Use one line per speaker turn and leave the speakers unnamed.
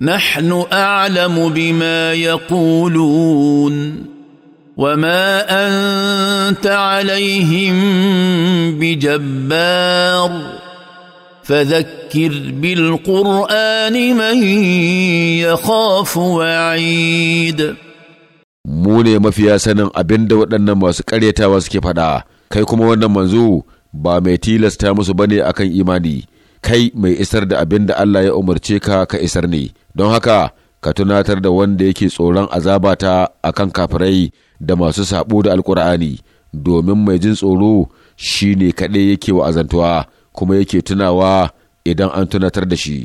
نحن اعلم بما يقولون وما انت عليهم بجبار فذكر بالقران من يخاف وعيد
mu ne mafiya sanin abin da waɗannan masu ƙaryatawa suke faɗa kai kuma wannan manzo ba mai tilasta musu bane akan imani kai mai isar da abin da Allah ya umarce ka ka isar ne don haka ka tunatar da wanda yake tsoron azabata a kan kafirai da masu sabo da alkur'ani domin mai jin tsoro shi ne kaɗai yake wa'azantuwa kuma yake tunawa idan an tunatar da shi.